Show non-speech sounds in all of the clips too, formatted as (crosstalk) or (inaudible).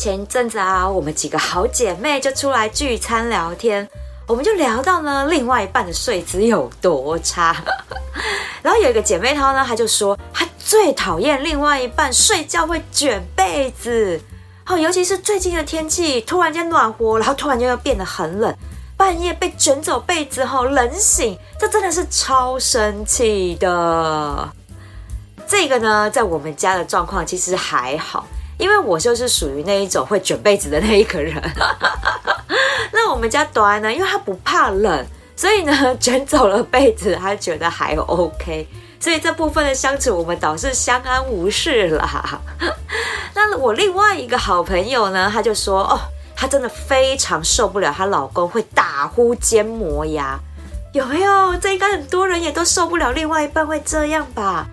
前一陣子啊，我們幾個好姐妹就出來聚餐聊天，我們就聊到呢，另外一半的睡姿有多差。 (laughs) 然後有一個姐妹她呢，她就說她最討厭另外一半睡覺會捲被子，哦，尤其是最近的天氣突然間暖和，然後突然間又變得很冷，半夜被捲走被子後，哦，冷醒，這真的是超生氣的。這個呢，在我們家的狀況其實還好。因為我就是屬於那一種會捲被子的那一個人， (laughs) 那我們家短呢，因為他不怕冷，所以呢捲走了被子，他覺得還 OK，所以這部分的相處我們倒是相安無事啦。 (laughs) 那我另外一個好朋友呢，她就說哦，她真的非常受不了她老公會打呼、兼磨牙，有沒有？這應該很多人也都受不了，另外一半會這樣吧。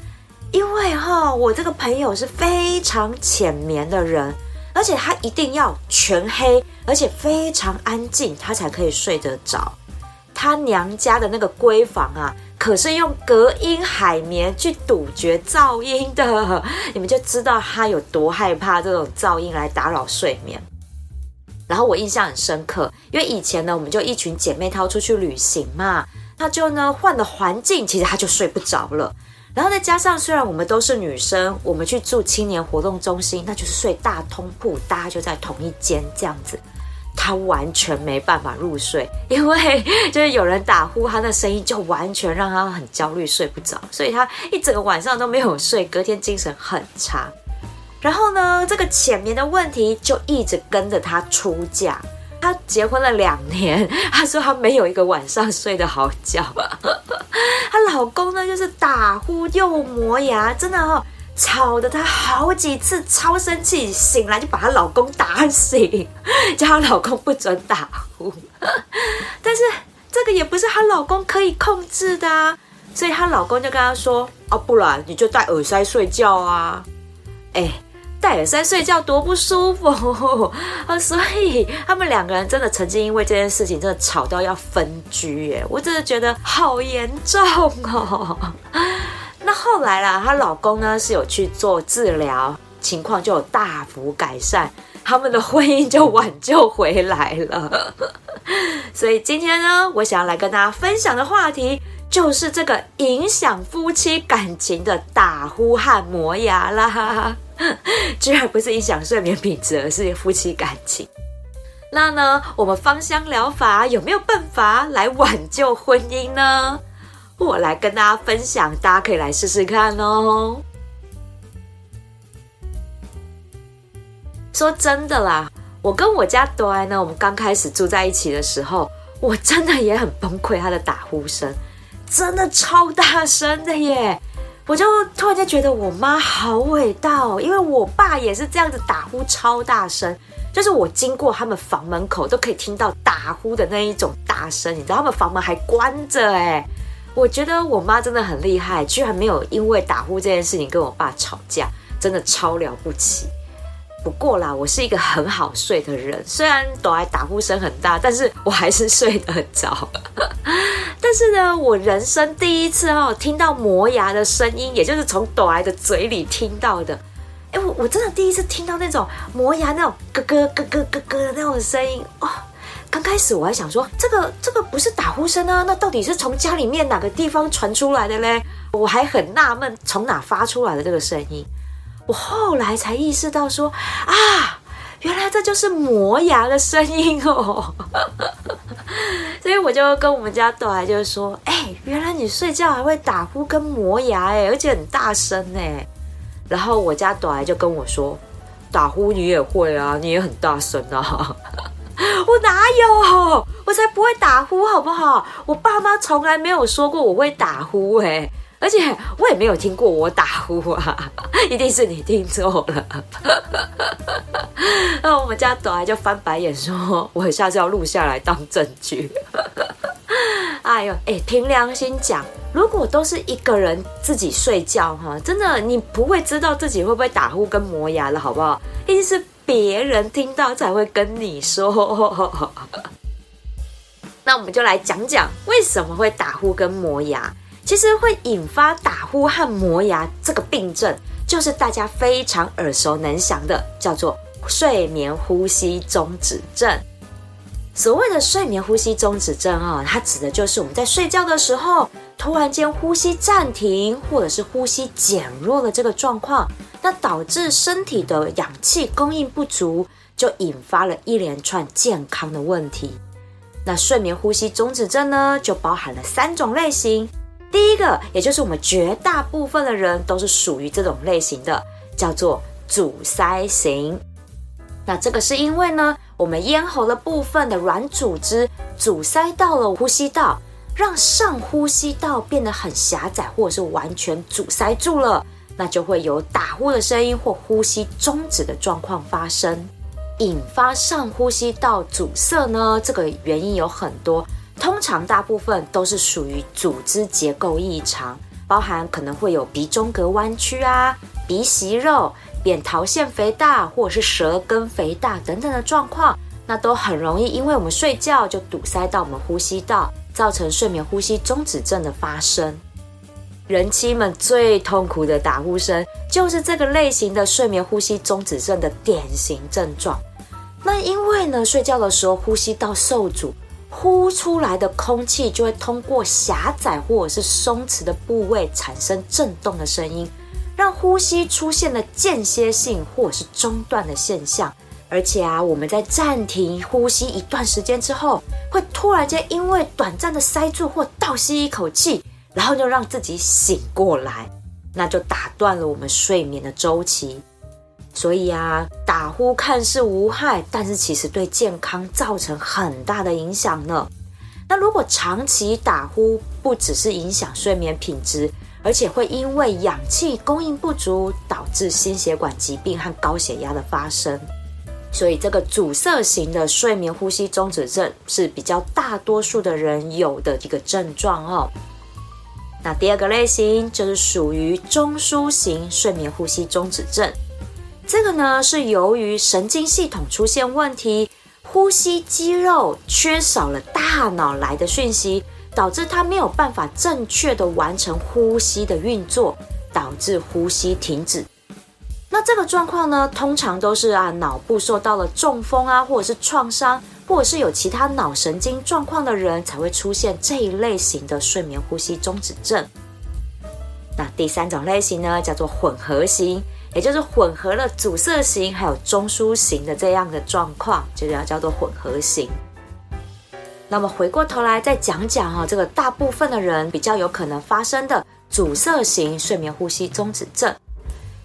因為哈、哦，我這個朋友是非常淺眠的人，而且他一定要全黑，而且非常安靜，他才可以睡得着。他娘家的那個閨房啊，可是用隔音海綿去杜絕噪音的，你們就知道他有多害怕這種噪音來打擾睡眠。然後我印象很深刻，因為以前呢，我們就一群姐妹淘出去旅行嘛，她就呢換了環境，其實她就睡不着了。然後再加上，雖然我們都是女生，我們去住青年活動中心，那就是睡大通鋪，大家就在同一間這樣子，他完全沒辦法入睡，因為就是有人打呼，他的聲音就完全讓他很焦慮，睡不着，所以他一整個晚上都沒有睡，隔天精神很差。然後呢，這個淺眠的問題就一直跟着他出嫁。她結婚了兩年，她說她沒有一個晚上睡得好覺啊。她 (laughs) 老公呢，就是打呼又磨牙，真的、哦、吵得她好幾次超生氣，醒來就把她老公打醒，叫她老公不准打呼。 (laughs) 但是這個也不是她老公可以控制的、啊，所以她老公就跟她說：“啊、不然你就戴耳塞睡覺啊。”欸、哎。戴爾山睡覺多不舒服， (laughs) 所以他們兩個人真的曾經因為這件事情真的吵到要分居，哎，我真的覺得好嚴重哦。 (laughs) 那後來啦，她老公呢是有去做治療，情況就有大幅改善，他們的婚姻就挽救回來了。 (laughs) 所以今天呢，我想要來跟大家分享的話題。就是這個影響夫妻感情的打呼和磨牙啦， (laughs) 居然不是影響睡眠品質，而是夫妻感情。那呢，我們芳香療法有沒有辦法來挽救婚姻呢？我來跟大家分享，大家可以來試試看哦。說真的啦，我跟我家朵艾呢，我們剛開始住在一起的時候，我真的也很崩潰，他的打呼聲。真的超大聲的耶！我就突然間覺得我媽好偉大哦，因為我爸也是這樣子打呼超大聲，就是我經過他們房門口都可以聽到打呼的那一種大聲。你知道他們房門還關着哎，我覺得我媽真的很厲害，居然沒有因為打呼這件事情跟我爸吵架，真的超了不起。不過啦，我是一個很好睡的人，雖然朵愛打呼聲很大，但是我還是睡得很早。 (laughs) 但是呢，我人生第一次哦，聽到磨牙的聲音，也就是從朵愛的嘴裡聽到的。哎，我我真的第一次聽到那種磨牙那種咯咯咯咯咯咯的那種聲音哦，剛開始我還想說，這個這個不是打呼聲啊，那到底是從家裡面哪個地方傳出來的呢？我還很納悶，從哪發出來的這個聲音。我後來才意識到說，說啊，原來這就是磨牙的聲音哦。 (laughs) 所以我就跟我們家朵兒就說：“哎、欸，原來你睡覺還會打呼跟磨牙哎、欸，而且很大聲哎、欸。”然後我家朵兒就跟我說：“打呼你也會啊，你也很大聲啊。 (laughs) ”我哪有哦，我才不會打呼好不好？我爸媽從來沒有說過我會打呼哎、欸。而且我也沒有聽過我打呼啊，一定是你聽錯了。 (laughs) 那我們家朵來就翻白眼說：“我下次要錄下來當證據。 (laughs) ”哎呦，哎、欸，憑良心講，如果都是一個人自己睡覺哈，真的你不會知道自己會不會打呼跟磨牙了，好不好？一定是別人聽到才會跟你說。 (laughs) 那我們就來講講為什麼會打呼跟磨牙。其實會引發打呼和磨牙這個病症，就是大家非常耳熟能詳的，叫做睡眠呼吸中止症。所謂的睡眠呼吸中止症啊、哦，它指的就是我們在睡覺的時候，突然間呼吸暫停或者是呼吸減弱的這個狀況，那導致身體的氧氣供應不足，就引發了一連串健康的問題。那睡眠呼吸中止症呢，就包含了三種類型。第一個，也就是我們絕大部分的人都是屬於這種類型的，叫做阻塞型。那這個是因為呢，我們咽喉的部分的軟組織阻塞到了呼吸道，讓上呼吸道變得很狹窄，或者是完全阻塞住了，那就會有打呼的聲音或呼吸中止的狀況發生。引發上呼吸道阻塞呢，這個原因有很多。通常大部分都是屬於組織結構異常，包含可能會有鼻中隔彎曲啊、鼻息肉、扁桃腺肥大或者是舌根肥大等等的狀況，那都很容易因為我們睡覺就堵塞到我們呼吸道，造成睡眠呼吸中止症的發生。人妻們最痛苦的打呼聲，就是這個類型的睡眠呼吸中止症的典型症狀。那因為呢，睡覺的時候呼吸道受阻。呼出來的空氣就會通過狹窄，或者是鬆弛的部位產生震動的聲音，讓呼吸出現了間歇性或者是中斷的現象。而且啊，我們在暫停呼吸一段時間之後，會突然間因為短暫的塞住或倒吸一口氣，然後就讓自己醒過來，那就打斷了我們睡眠的周期。所以啊，打呼看似無害，但是其實對健康造成很大的影響呢。那如果長期打呼，不只是影響睡眠品質，而且會因為氧氣供應不足，導致心血管疾病和高血壓的發生。所以，這個阻塞型的睡眠呼吸中止症是比較大多數的人有的一個症狀哦。那第二個類型就是屬於中樞型睡眠呼吸中止症。這個呢是由於神經系統出現問題，呼吸肌肉缺少了大腦來的訊息，導致他沒有辦法正確地完成呼吸的運作，導致呼吸停止。那這個狀況呢，通常都是啊腦部受到了中風啊，或者是創傷，或者是有其他腦神經狀況的人才會出現這一類型的睡眠呼吸中止症。那第三種類型呢，叫做混合型。也就是混合了阻塞型還有中樞型的這樣的狀況，就叫、是、叫做混合型。那麼回過頭來再講講哈、哦，這個大部分的人比較有可能發生的阻塞型睡眠呼吸中止症，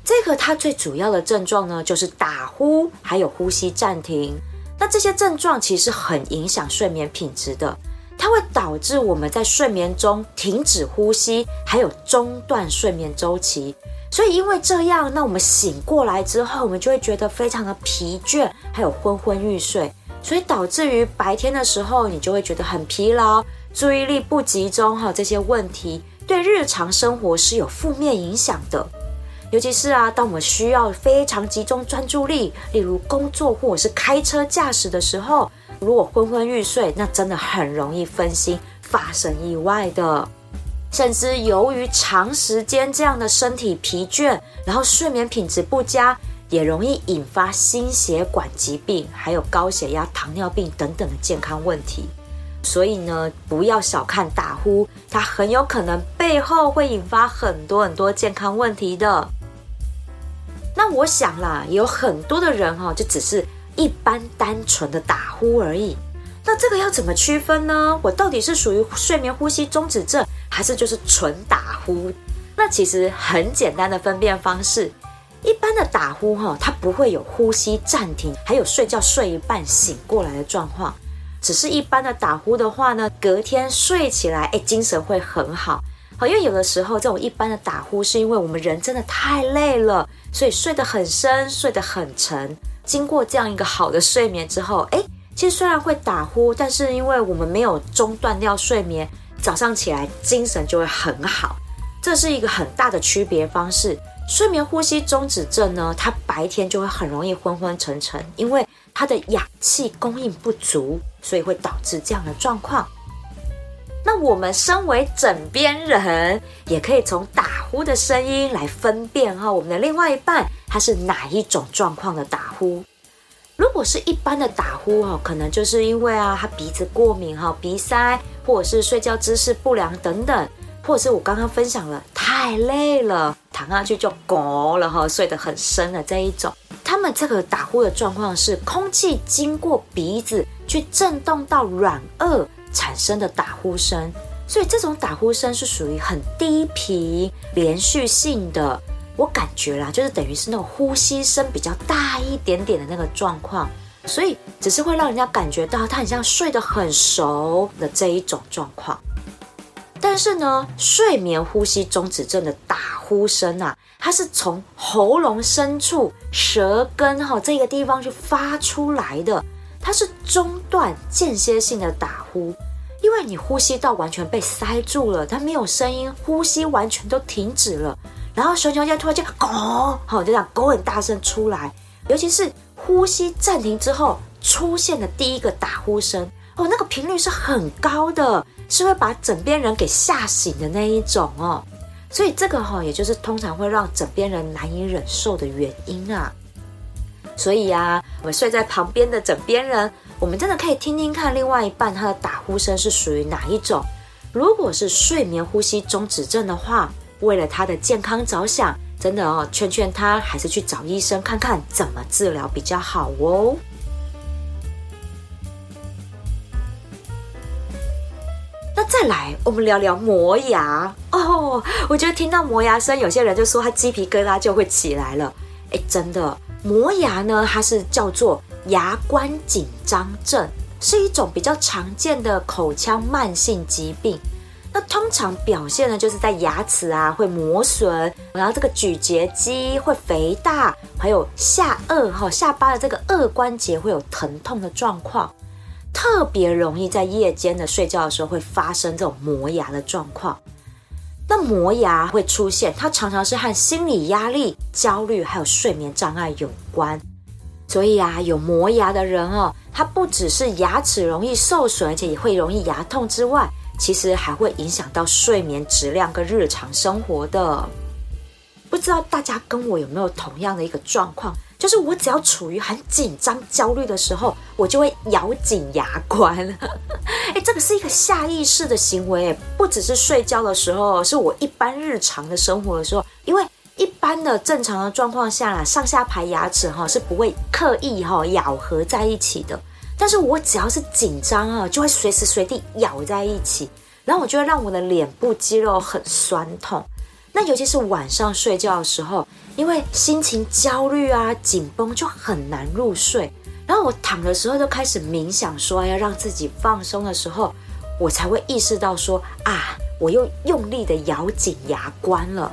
這個它最主要的症狀呢，就是打呼還有呼吸暫停。那這些症狀其實很影響睡眠品質的。它會導致我們在睡眠中停止呼吸，還有中斷睡眠週期。所以因為這樣，那我們醒過來之後，我們就會覺得非常的疲倦，還有昏昏欲睡。所以導致於白天的時候，你就會覺得很疲勞，注意力不集中，還有這些問題，對日常生活是有負面影響的。尤其是啊，當我們需要非常集中專注力，例如工作或者是開車駕駛的時候，如果昏昏欲睡，那真的很容易分心，發生意外的。甚至由於長時間這樣的身體疲倦，然後睡眠品質不佳，也容易引發心血管疾病，還有高血壓、糖尿病等等的健康問題。所以呢，不要小看打呼，它很有可能背後會引發很多很多健康問題的。那我想啦，有很多的人哈、哦，就只是一般單純的打呼而已。那這個要怎麼區分呢？我到底是屬於睡眠呼吸中止症，還是就是純打呼？那其實很簡單的分辨方式，一般的打呼哈、哦，它不會有呼吸暫停，還有睡覺睡一半醒過來的狀況。只是一般的打呼的話呢，隔天睡起來，哎，精神會很好。因為有的時候，這種一般的打呼，是因為我們人真的太累了，所以睡得很深，睡得很沉。經過這樣一個好的睡眠之後，誒，其實雖然會打呼，但是因為我們沒有中斷掉睡眠，早上起來精神就會很好。這是一個很大的區別方式。睡眠呼吸中止症呢，它白天就會很容易昏昏沉沉，因為它的氧氣供應不足，所以會導致這樣的狀況。那我們身為枕邊人，也可以從打呼的聲音來分辨，哈、哦，我們的另外一半他，是哪一種狀況的打呼。如果是一般的打呼哈，可能就是因為啊，他鼻子過敏哈、鼻塞，或者是睡覺姿勢不良等等，或者是我剛剛分享了太累了，躺下去就拱了哈，睡得很深的這一種。他們這個打呼的狀況，是空氣經過鼻子去震動到軟腭產生的打呼聲，所以這種打呼聲是屬於很低頻連續性的，我感覺啦，就是等於是那種呼吸聲比較大一點點的那個狀況，所以只是會讓人家感覺到他很像睡得很熟的這一種狀況。但是呢，睡眠呼吸中止症的打呼聲啊，它是從喉嚨深處、舌根哈、哦、這個地方去發出來的。它是中斷間歇性的打呼，因為你呼吸道完全被塞住了，它沒有聲音，呼吸完全都停止了。然後熊熊就突然間哦，好就這樣，狗很大聲出來，尤其是呼吸暫停之後出現的第一個打呼聲哦，那個頻率是很高的，是會把枕邊人給嚇醒的那一種哦。所以這個哈、哦，也就是通常會讓枕邊人難以忍受的原因啊。所以啊，我們睡在旁邊的枕邊人，我們真的可以聽聽看另外一半他的打呼聲是屬於哪一種。如果是睡眠呼吸中止症的話，為了他的健康着想，真的哦，勸勸他還是去找醫生看看怎麼治療比較好哦。 (music) 那再來，我們聊聊磨牙哦。我覺得聽到磨牙聲，有些人就說他雞皮疙瘩啊就會起來了。哎，欸，真的。磨牙呢，它是叫做牙關緊張症，是一種比較常見的口腔慢性疾病。那通常表現呢，就是在牙齒啊會磨損，然後這個咀嚼肌會肥大，還有下顎哈下巴的這個顎關節會有疼痛的狀況，特別容易在夜間的睡覺的時候會發生這種磨牙的狀況。那磨牙會出現，它常常是和心理壓力、焦慮還有睡眠障礙有關。所以啊，有磨牙的人哦，它不只是牙齒容易受損，而且也會容易牙痛之外，其實還會影響到睡眠質量跟日常生活的。不知道大家跟我有沒有同樣的一個狀況？就是我只要處於很緊張、焦慮的時候，我就會咬緊牙關。哎、 (laughs) 欸，這個是一個下意識的行為、欸，不只是睡覺的時候，是我一般日常的生活的時候。因為一般的正常的狀況下，上下排牙齒哈是不會刻意哈咬合在一起的。但是我只要是緊張啊，就會隨時隨地咬在一起，然後我就會讓我的臉部肌肉很酸痛。那尤其是晚上睡覺的時候。因為心情焦慮啊、緊繃就很難入睡，然後我躺的時候都開始冥想，說要讓自己放鬆的時候，我才會意識到說啊，我又用力的咬緊牙關了。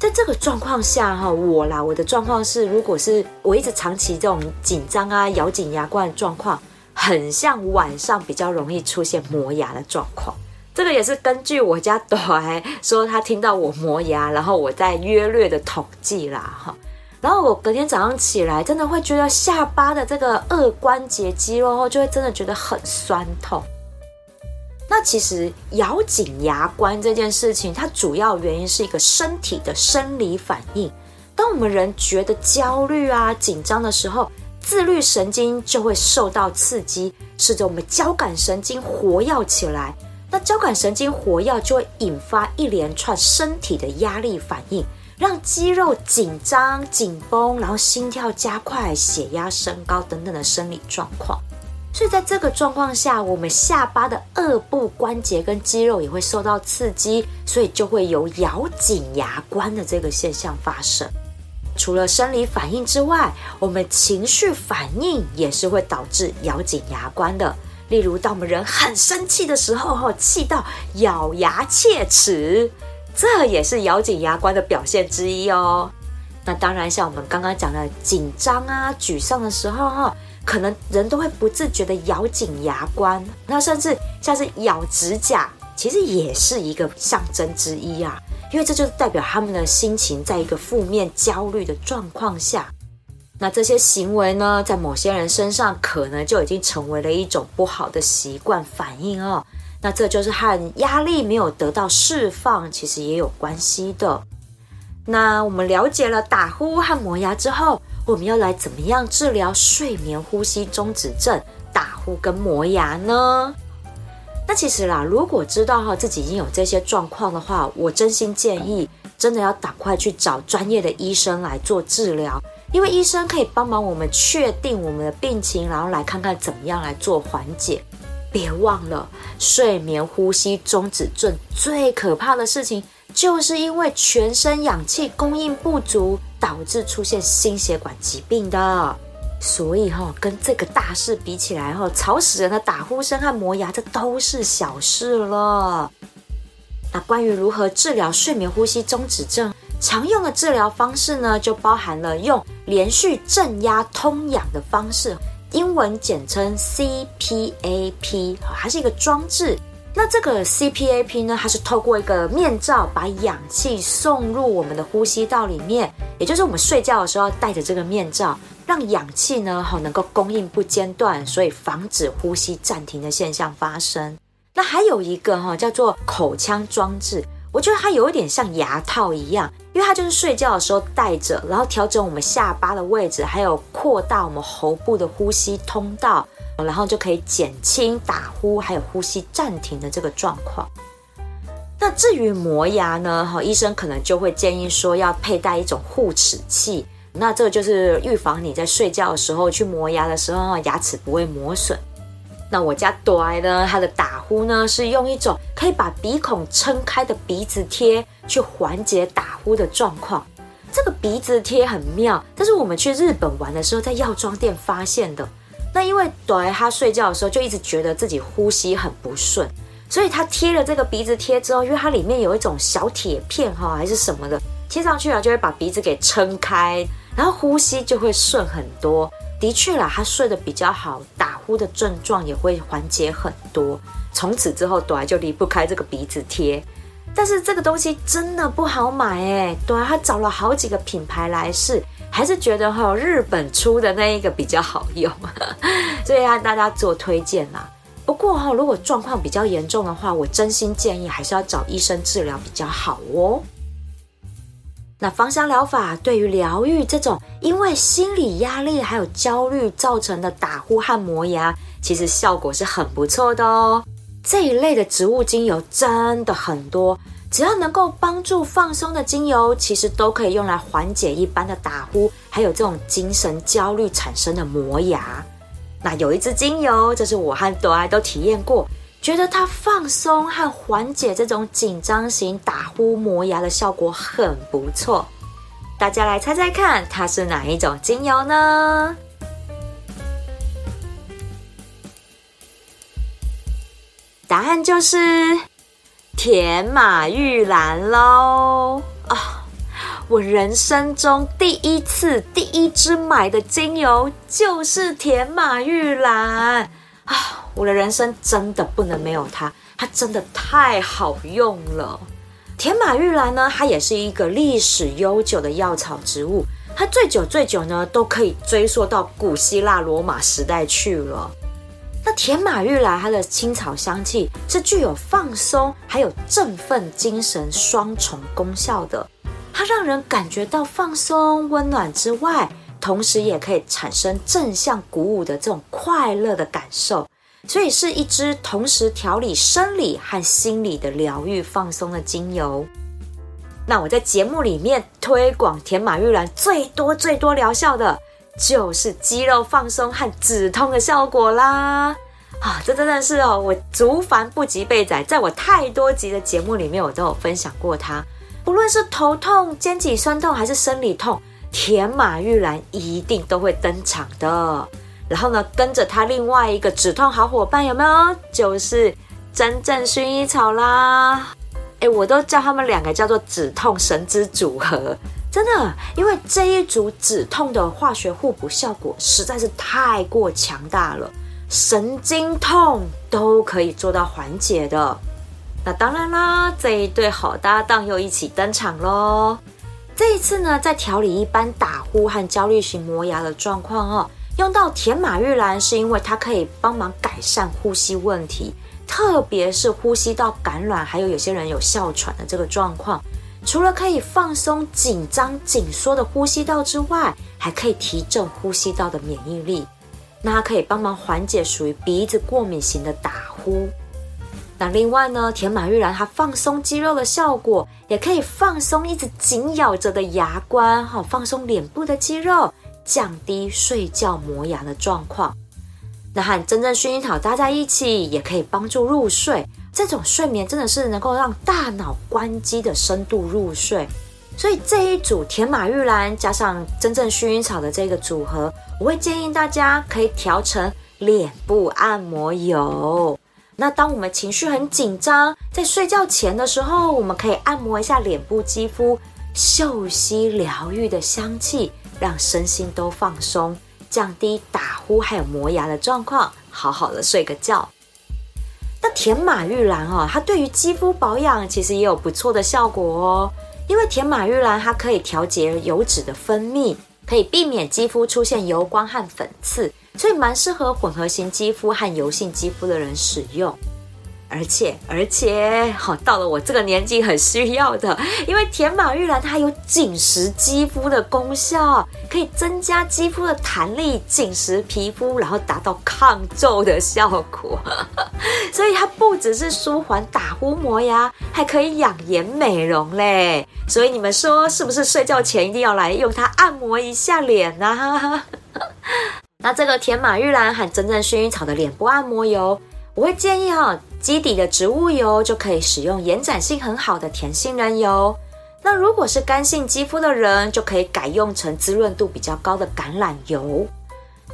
在這個狀況下哈，我啦，我的狀況是，如果是我一直長期這種緊張啊、咬緊牙關的狀況，很像晚上比較容易出現磨牙的狀況。這個也是根據我家朵兒說他聽到我磨牙，然後我在約略的統計啦哈，然後我隔天早上起來，真的會覺得下巴的這個二關節肌肉後就會真的覺得很酸痛。那其實咬緊牙關這件事情，它主要原因是一個身體的生理反應。當我們人覺得焦慮啊、緊張的時候，自律神經就會受到刺激，使得我們交感神經活躍起來。那交感神經活躍就會引發一連串身體的壓力反應，讓肌肉緊張緊繃，然後心跳加快、血壓升高等等的生理狀況。所以在這個狀況下，我們下巴的顎部關節跟肌肉也會受到刺激，所以就會有咬緊牙關的這個現象發生。除了生理反應之外，我們情緒反應也是會導致咬緊牙關的。例如，當我們人很生氣的時候，吼氣到咬牙切齒，這也是咬緊牙關的表現之一哦。那當然，像我們剛剛講的緊張啊、沮喪的時候，吼可能人都會不自覺的咬緊牙關。那甚至像是咬指甲，其實也是一個象徵之一啊，因為這就代表他們的心情在一個負面焦慮的狀況下。那這些行為呢，在某些人身上可能就已經成為了一種不好的習慣反應哦。那這就是和壓力沒有得到釋放，其實也有關係的。那我們了解了打呼和磨牙之後，我們要來怎麼樣治療睡眠呼吸中止症、打呼跟磨牙呢？那其實啦，如果知道哈自己已經有這些狀況的話，我真心建議，真的要趕快去找專業的醫生來做治療。因為醫生可以幫忙我們確定我們的病情，然後來看看怎麼樣來做緩解。別忘了，睡眠呼吸中止症最可怕的事情，就是因為全身氧氣供應不足導致出現心血管疾病的。所以哈、哦，跟這個大事比起來哈，吵死人的打呼聲和磨牙這都是小事了。那關於如何治療睡眠呼吸中止症，常用的治療方式呢，就包含了用連續正壓通氧的方式，英文簡稱 CPAP，哦，它是一個裝置。那這個 CPAP 呢，它是透過一個面罩把氧氣送入我們的呼吸道裡面，也就是我們睡覺的時候要戴着這個面罩，讓氧氣呢，哦，能夠供應不間斷，所以防止呼吸暫停的現象發生。那還有一個哈，哦，叫做口腔裝置，我覺得它有點像牙套一樣。因為它就是睡覺的時候戴着，然後調整我們下巴的位置，還有擴大我們喉部的呼吸通道，然後就可以減輕打呼，還有呼吸暫停的這個狀況。那至於磨牙呢？哈，醫生可能就會建議說要佩戴一種護齒器，那這個就是預防你在睡覺的時候去磨牙的時候牙齒不會磨損。那我家朵愛呢？它的打呼呢，是用一種可以把鼻孔撐開的鼻子貼去緩解打呼的狀況。這個鼻子貼很妙，但是我們去日本玩的時候在藥妝店發現的。那因為朵愛他睡覺的時候就一直覺得自己呼吸很不順，所以他貼了這個鼻子貼之後，因為它裡面有一種小鐵片哈、哦、還是什麼的，貼上去了，啊、就會把鼻子給撐開，然後呼吸就會順很多。的確啦，他睡得比較好，打呼的症狀也會緩解很多。從此之後，朵兒就離不開這個鼻子貼，但是這個東西真的不好買哎、欸，朵、啊、他找了好幾個品牌來試，還是覺得哈、哦、日本出的那一個比較好用， (laughs) 所以要大家做推薦啦。不過哈、哦，如果狀況比較嚴重的話，我真心建議還是要找醫生治療比較好哦。那芳香療法對於療癒這種因為心理壓力還有焦慮造成的打呼和磨牙，其實效果是很不錯的哦。這一類的植物精油真的很多，只要能夠幫助放鬆的精油，其實都可以用來緩解一般的打呼，還有這種精神焦慮產生的磨牙。那有一支精油，就是我和朵愛都體驗過。覺得它放鬆和緩解這種緊張型打呼磨牙的效果很不錯，大家來猜猜看它是哪一種精油呢？答案就是甜馬鬱蘭嘍！啊，我人生中第一次第一支買的精油就是甜馬鬱蘭啊。我的人生真的不能沒有它，它真的太好用了。甜馬鬱蘭呢，它也是一個歷史悠久的藥草植物，它最久最久呢，都可以追溯到古希臘羅馬時代去了。那甜馬鬱蘭它的青草香氣是具有放鬆還有振奮精神雙重功效的，它讓人感覺到放鬆溫暖之外，同時也可以產生正向鼓舞的這種快樂的感受。所以是一支同時調理生理和心理的療癒放鬆的精油。那我在節目裡面推廣甜馬鬱蘭最多最多療效的，就是肌肉放鬆和止痛的效果啦。啊，這真的是哦，我族繁不及備載，在我太多集的節目裡面，我都有分享過它。不論是頭痛、肩頸痠痛，還是生理痛，甜馬鬱蘭一定都會登場的。然後呢，跟着他另外一個止痛好夥伴有沒有？就是真正薰衣草啦。哎，我都叫他們兩個叫做止痛神之組合，真的，因為這一組止痛的化學互補效果實在是太過強大了，神經痛都可以做到緩解的。那當然啦，這一對好搭檔又一起登場咯。這一次呢，在調理一般打呼和焦慮型磨牙的狀況哦。用到甜馬鬱蘭是因為它可以幫忙改善呼吸問題，特別是呼吸道感染，還有有些人有哮喘的這個狀況。除了可以放鬆緊張緊縮的呼吸道之外，還可以提振呼吸道的免疫力。那它可以幫忙緩解屬於鼻子過敏型的打呼。那另外呢，甜馬鬱蘭它放鬆肌肉的效果，也可以放鬆一直緊咬着的牙關，哈，放鬆臉部的肌肉。降低睡覺磨牙的狀況，那和真正薰衣草搭在一起，也可以幫助入睡。這種睡眠真的是能夠讓大腦關機的深度入睡。所以這一組甜馬鬱蘭加上真正薰衣草的這個組合，我會建議大家可以調成臉部按摩油。那當我們情緒很緊張，在睡覺前的時候，我們可以按摩一下臉部肌膚，嗅吸療癒的香氣。讓身心都放鬆，降低打呼還有磨牙的狀況，好好的睡個覺。那甜馬鬱蘭哦，它對於肌膚保養其實也有不錯的效果哦。因為甜馬鬱蘭它可以調節油脂的分泌，可以避免肌膚出現油光和粉刺，所以蠻適合混合型肌膚和油性肌膚的人使用。而且而且好、哦，到了我這個年紀很需要的，因為甜馬鬱蘭它有緊實肌膚的功效，可以增加肌膚的彈力，緊實皮膚，然後達到抗皺的效果。 (laughs) 所以它不只是舒緩打呼、磨牙，還可以養顏美容嘞。所以你們說是不是睡覺前一定要來用它按摩一下臉啊？ (laughs) 那這個甜馬鬱蘭和真正薰衣草的臉部按摩油，我會建議哈、哦。基底的植物油就可以使用延展性很好的甜杏仁油，那如果是乾性肌膚的人，就可以改用成滋潤度比較高的橄欖油。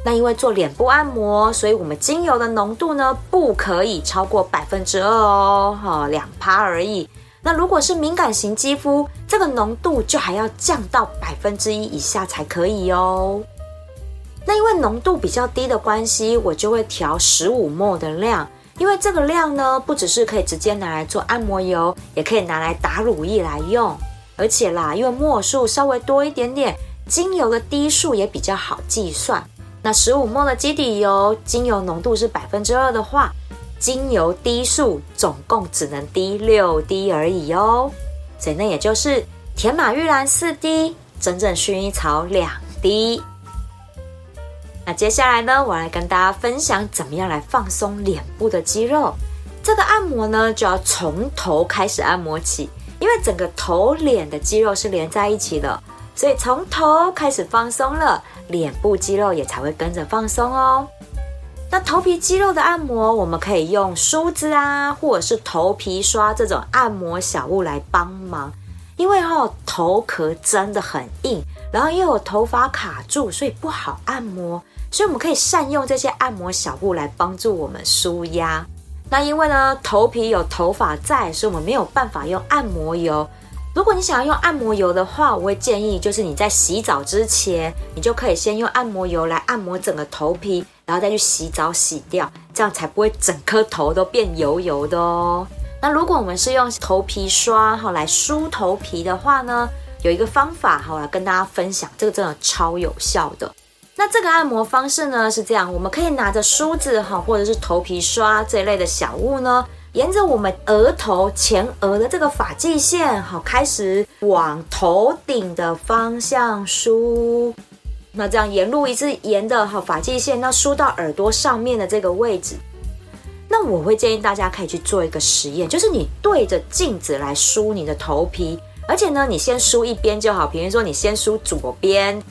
那因為做臉部按摩，所以我們精油的濃度呢，不可以超過百分之二哦，哦、兩趴而已。那如果是敏感型肌膚，這個濃度就還要降到百分之一以下才可以哦。那因為濃度比較低的關係，我就會調十五 ml 的量。因為這個量呢，不只是可以直接拿來做按摩油，也可以拿來打乳液來用。而且啦，因為墨數稍微多一點點，精油的滴數也比較好計算。那十五墨的基底油，精油濃度是百分之二的話，精油滴數總共只能滴六滴而已哦。所以那也就是甜馬鬱蘭四滴，真正薰衣草兩滴。那接下來呢，我來跟大家分享怎麼樣來放鬆臉部的肌肉。這個按摩呢，就要從頭開始按摩起，因為整個頭臉的肌肉是連在一起的，所以從頭開始放鬆了，臉部肌肉也才會跟着放鬆哦。那頭皮肌肉的按摩，我們可以用梳子啊，或者是頭皮刷這種按摩小物來幫忙，因為哦，頭殼真的很硬。然後又有頭髮卡住，所以不好按摩。所以我們可以善用這些按摩小物來幫助我們舒壓。那因為呢，頭皮有頭髮在，所以我們沒有辦法用按摩油。如果你想要用按摩油的話，我會建議就是你在洗澡之前，你就可以先用按摩油來按摩整個頭皮，然後再去洗澡洗掉，這樣才不會整顆頭都變油油的哦。那如果我們是用頭皮刷哈來梳頭皮的話呢？有一個方法好，好來跟大家分享，這個真的超有效的。那這個按摩方式呢是這樣，我們可以拿着梳子哈，或者是頭皮刷這一類的小物呢，沿着我們額頭前額的這個髮際線，好，開始往頭頂的方向梳。那這樣沿路一直沿著好髮際線，那梳到耳朵上面的這個位置。那我會建議大家可以去做一個實驗，就是你對着鏡子來梳你的頭皮。而且呢，你先梳一邊就好，比如說你先梳左邊，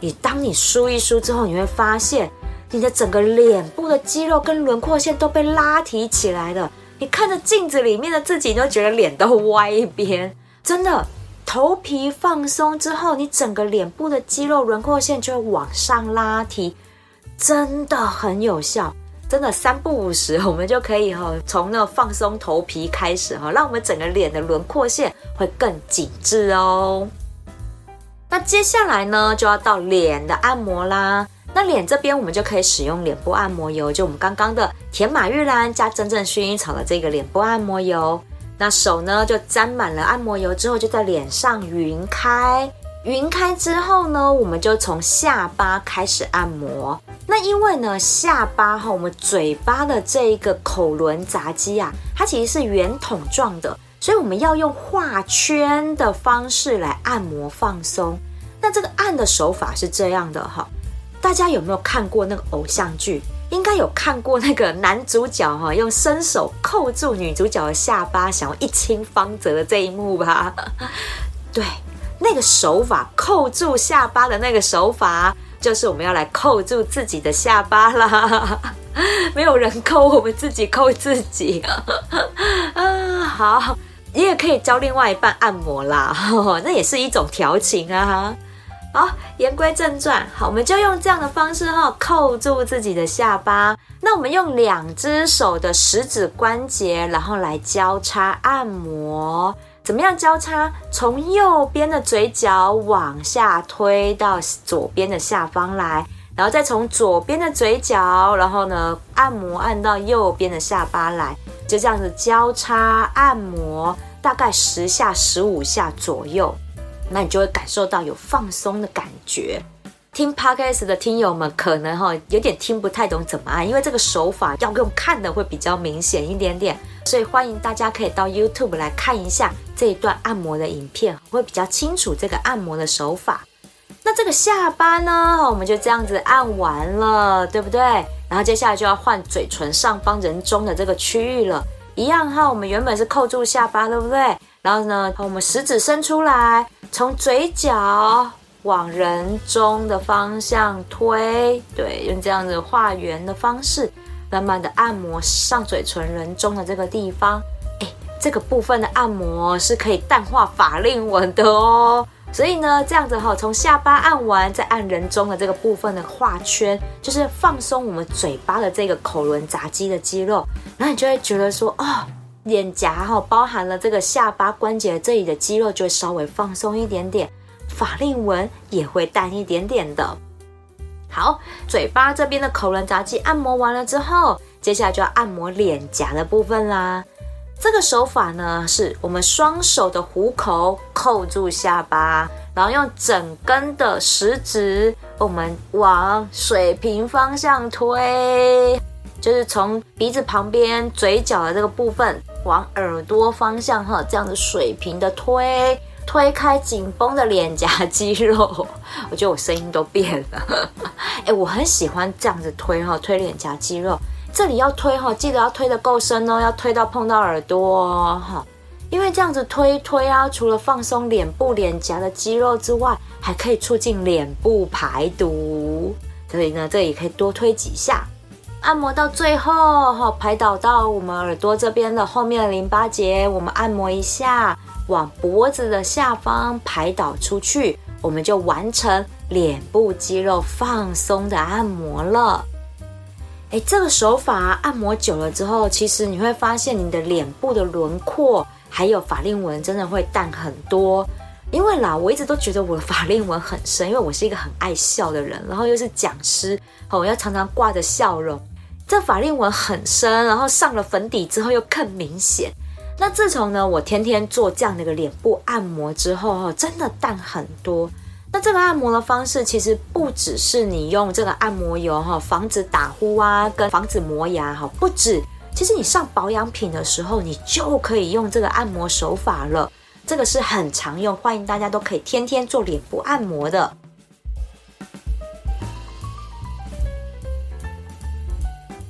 你當你梳一梳之後，你會發現你的整個臉部的肌肉跟輪廓線都被拉提起來了。你看着鏡子裡面的自己，你都覺得臉都歪一邊，真的。頭皮放鬆之後，你整個臉部的肌肉輪廓線就會往上拉提，真的很有效。真的三不五時，我們就可以從那放鬆頭皮開始，讓我們整個臉的輪廓線會更緊緻哦。那接下來呢，就要到臉的按摩啦。那臉這邊我們就可以使用臉部按摩油，就我們剛剛的甜馬鬱蘭加真正薰衣草的這個臉部按摩油。那手呢，就沾滿了按摩油之後，就在臉上勻開。勻開之後呢，我們就從下巴開始按摩。那因為呢，下巴哈、哦，我們嘴巴的這一個口輪匝肌啊，它其實是圓筒狀的，所以我們要用畫圈的方式來按摩放鬆。那這個按的手法是這樣的哈、哦，大家有沒有看過那個偶像劇？應該有看過那個男主角哈、哦，用伸手扣住女主角的下巴，想要一親芳澤的這一幕吧？ (laughs) 對。那個手法扣住下巴的那個手法，就是我們要來扣住自己的下巴啦。 (laughs) 沒有人扣，我們自己扣自己。啊、 (laughs) 嗯，好，你也，也可以教另外一半按摩啦， (laughs) 那也是一種調情啊。好，言歸正傳，好，我們就用這樣的方式哈，扣住自己的下巴。那我們用兩隻手的食指關節，然後來交叉按摩。怎麼樣交叉？從右邊的嘴角往下推到左邊的下方來，然後再從左邊的嘴角，然後呢，按摩按到右邊的下巴來，就這樣子交叉按摩，大概十下，十五下左右，那你就會感受到有放鬆的感覺。聽 Podcast 的聽友們可能、哦、有點聽不太懂怎麼按，因為這個手法要用看的會比較明顯一點點，所以歡迎大家可以到 YouTube 來看一下這一段按摩的影片，會比較清楚這個按摩的手法。那這個下巴呢，我們就這樣子按完了，對不對？然後接下來就要換嘴唇上方人中的這個區域了，一樣哈，我們原本是扣住下巴，對不對？然後呢，我們食指伸出來，從嘴角。往人中的方向推，對，用這樣子畫圓的方式，慢慢的按摩上嘴唇人中的這個地方。哎，這個部分的按摩是可以淡化法令紋的哦。所以呢，這樣子哈、哦，從下巴按完，再按人中的這個部分的畫圈，就是放鬆我們嘴巴的這個口輪匝肌的肌肉，然後你就會覺得說，哦，臉頰哈、哦，包含了這個下巴關節這裡的肌肉就會稍微放鬆一點點。法令紋也會淡一點點的。好，嘴巴這邊的口輪匝肌按摩完了之後，接下來就要按摩臉頰的部分啦。這個手法呢，是我們雙手的虎口扣住下巴，然後用整根的食指，我們往水平方向推，就是從鼻子旁邊、嘴角的這個部分往耳朵方向哈，這樣子水平的推。推開緊繃的臉頰肌肉，我覺得我聲音都變了， (laughs) 欸，我很喜歡這樣子推哈，推臉頰肌肉，這裡要推哈，記得要推得夠深哦，要推到碰到耳朵哦。因為這樣子推一推啊，除了放鬆臉部臉頰的肌肉之外，還可以促進臉部排毒，所以呢，這裡可以多推幾下。按摩到最後，排導到我們耳朵這邊的後面的淋巴結，我們按摩一下，往脖子的下方排導出去，我們就完成臉部肌肉放鬆的按摩了。哎、欸，這個手法按摩久了之後，其實你會發現你的臉部的輪廓還有法令紋真的會淡很多。因為啦，我一直都覺得我的法令紋很深，因為我是一個很愛笑的人，然後又是講師，我要常常掛着笑容。這法令紋很深，然後上了粉底之後又更明顯。那自從呢，我天天做這樣的一個臉部按摩之後，哈，真的淡很多。那這個按摩的方式其實不只是你用這個按摩油，哈，防止打呼啊，跟防止磨牙，哈，不止。其實你上保養品的時候，你就可以用這個按摩手法了。這個是很常用，歡迎大家都可以天天做臉部按摩的。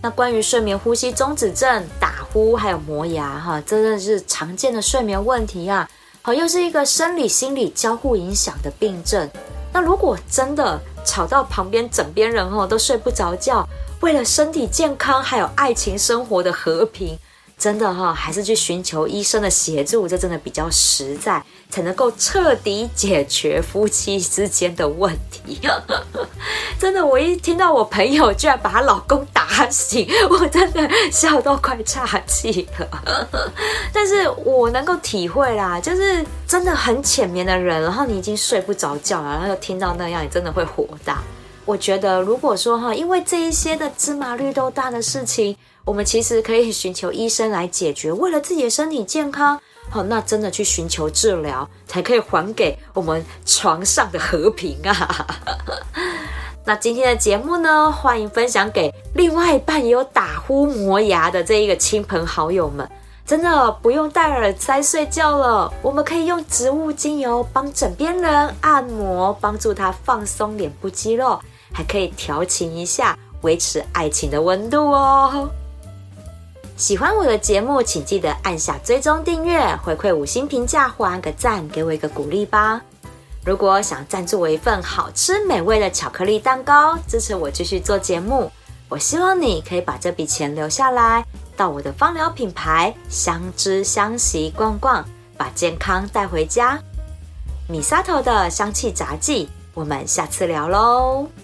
那關於睡眠呼吸中止症、打呼還有磨牙哈、啊，真的是常見的睡眠問題啊。好、啊，又是一個生理心理交互影響的病症。那如果真的吵到旁邊枕邊人哦、啊，都睡不着覺，為了身體健康還有愛情生活的和平，真的哈、哦，還是去尋求醫生的協助，這真的比較實在，才能夠徹底解決夫妻之間的問題。 (laughs) 真的，我一聽到我朋友居然把她老公打醒，我真的笑到快岔氣了。 (laughs) 但是我能夠體會啦，就是真的很淺眠的人，然後你已經睡不着覺了，然後又聽到那樣，你真的會火大。我覺得，如果說哈，因為這一些的芝麻綠豆大的事情。我們其實可以尋求醫生來解決，為了自己的身體健康，好、哦，那真的去尋求治療，才可以還給我們床上的和平啊。 (laughs) 那今天的節目呢，歡迎分享給另外一半也有打呼磨牙的這一個親朋好友們，真的不用戴耳塞睡覺了，我們可以用植物精油幫枕邊人按摩，幫助他放鬆臉部肌肉，還可以調情一下，維持愛情的溫度哦。喜歡我的節目，請記得按下追蹤訂閱，回饋五星評價，或按個讚，給我一個鼓勵吧。如果想贊助我一份好吃美味的巧克力蛋糕，支持我繼續做節目，我希望你可以把這筆錢留下來，到我的芳療品牌香知香息逛逛，把健康帶回家。米沙頭的香氣雜記，我們下次聊嘍。